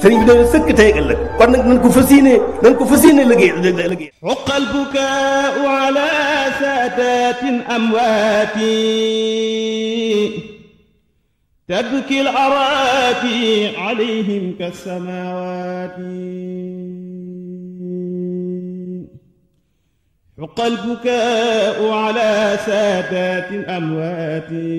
sëriñ bi dana sëkk tey ak ëllëg kon nag nañ ko fas yéene nañ ko fas yéene liggéey liggéey uqal bukaau ala saadatin amwaati tabki al araati alayhim kasamawaati حق البكاء على سادات أمواتي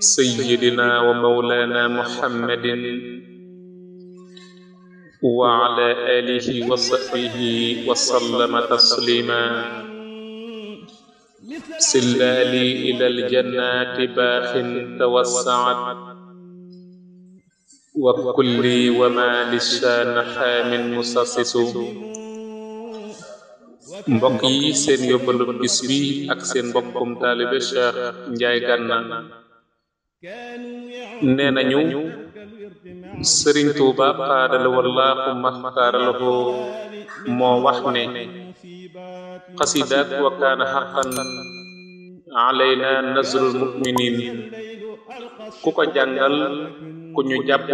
sayyidina wa mawlaana muhammadin wa ala aalihi wa sahbihi wa sallama tasliimaa sillaali ilal jannaati baaxin tawassaat wa kulli wa maa lisaan xaamin musasisu mbokk yi seen yóbbalu bis bi ak seen mbokkum taalibe Cheikh Njaay Gànna nee nañu sëriñ Tuuba xaadala wallaahu maxtaaralahu moo wax ne xasidaat wa kaana xaqan alayna nasrul muminin ku ko jàngal ku ñu jàpp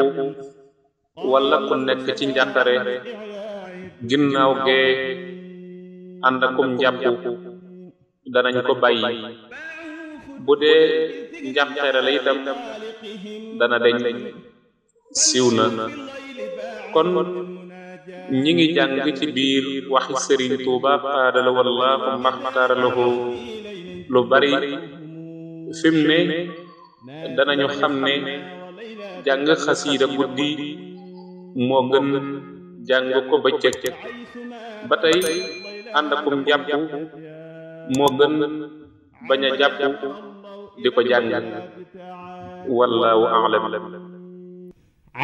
wala ku nekk ci njàqare ginnaaw gee ànd akum njàpp danañ ko bàyyi bu dee njàqare la itam dana deñ siiw na kon ñi ngi jàng ci biir wax sëriñ Tuuba qaadala wallaahu maxtaara lu bari fi mu ne danañu xam ne jàng xasiida guddi moo gën jàng ko bëccëg ba tey ànd akum jàpp moo gën bañ a jàpp di ko jàng wallahu a'lam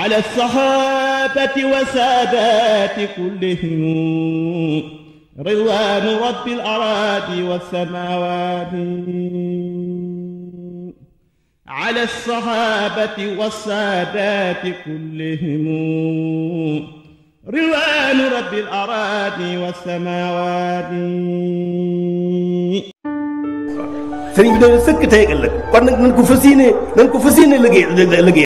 ala sahabati wa saadati kullihim ridwanu rabbil aradi wassamawati على الصحابة والسادات كلهم ridwaanu rabbil araadi was samaawaati sëriñ bi de sëkk tey ëllëg kon nag nañ ko fas yéene nañ ko fas yéene liggéey liggéey